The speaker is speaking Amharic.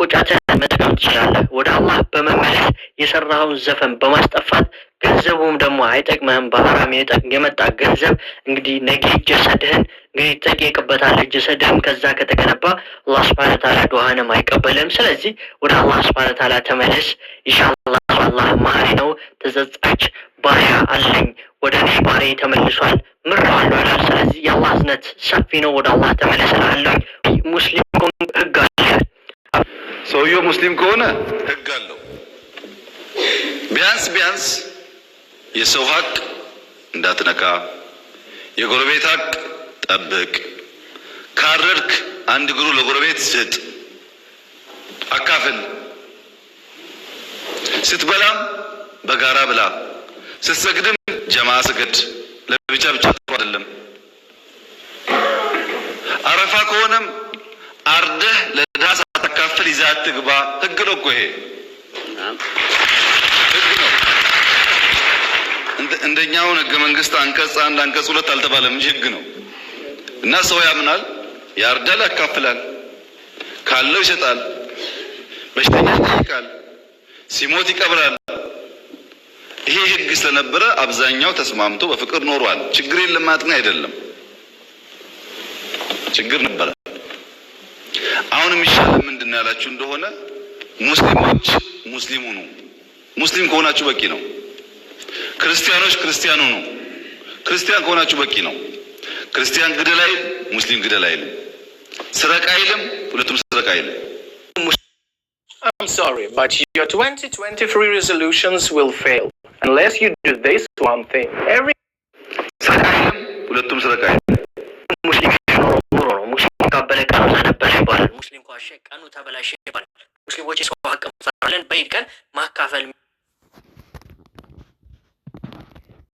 መቆጫትን መጠቀም ትችላለህ። ወደ አላህ በመመለስ የሰራኸውን ዘፈን በማስጠፋት ገንዘቡም ደግሞ አይጠቅምህም። በሀራም የመጣ ገንዘብ እንግዲህ ነገ ጀሰድህን እንግዲህ ትጠየቅበታለህ። ጀሰድህም ከዛ ከተገነባ አላህ ስብሐነ ተዓላ ዱዓንም አይቀበልም። ስለዚህ ወደ አላህ ስብሐነ ተዓላ ተመለስ። ኢንሻአላህ አላህ መሐሪ ነው። ተጸጻች ባሪያ አለኝ፣ ወደ እኔ ባሪ ተመልሷል፣ ምሬዋለሁ ይላል። ስለዚህ የአላህ እዝነት ሰፊ ነው። ወደ አላህ ተመለስ እላለሁ። ሙስሊም ሰውየው ሙስሊም ከሆነ ህግ አለው። ቢያንስ ቢያንስ የሰው ሀቅ እንዳትነካ፣ የጎረቤት ሀቅ ጠብቅ፣ ካረድክ አንድ እግሩ ለጎረቤት ስጥ፣ አካፍል። ስትበላም በጋራ ብላ፣ ስትሰግድም ጀማ ስገድ። ለብቻ ብቻ ጥሩ አይደለም። አረፋ ከሆነም አርደህ አትግባ ህግ ነው እኮ ይሄ ህግ ነው። እንደኛውን ህገ መንግስት አንቀጽ አንድ አንቀጽ ሁለት አልተባለም እንጂ ህግ ነው እና ሰው ያምናል፣ ያርዳል፣ ያካፍላል፣ ካለው ይሰጣል፣ በሽተኛ ይጠይቃል፣ ሲሞት ይቀብራል። ይሄ ህግ ስለነበረ አብዛኛው ተስማምቶ በፍቅር ኖሯል። ችግር የለም ማጥና አይደለም ችግር ነበረ። አሁን የሚሻለን ምንድን ነው ያላችሁ እንደሆነ ሙስሊሞች ሙስሊሙ ነው። ሙስሊም ከሆናችሁ በቂ ነው። ክርስቲያኖች ክርስቲያኑ ነው። ክርስቲያን ከሆናችሁ በቂ ነው። ክርስቲያን ግደል አይል፣ ሙስሊም ግደል አይልም። ስረቅ አይልም፣ ሁለቱም ስረቅ አይልም። I'm sorry, but your 2023 resolutions will fail unless you do this one thing. Every ሁለቱም ስረቅ አይልም። ሙስሊም ነው ሙስሊም ካበለቃ ሙስሊም ኳሸ ቀኑ ተበላሸ ይባላል። ሙስሊሞች የሰው ሀቅ መፈራለን በይድ ቀን ማካፈል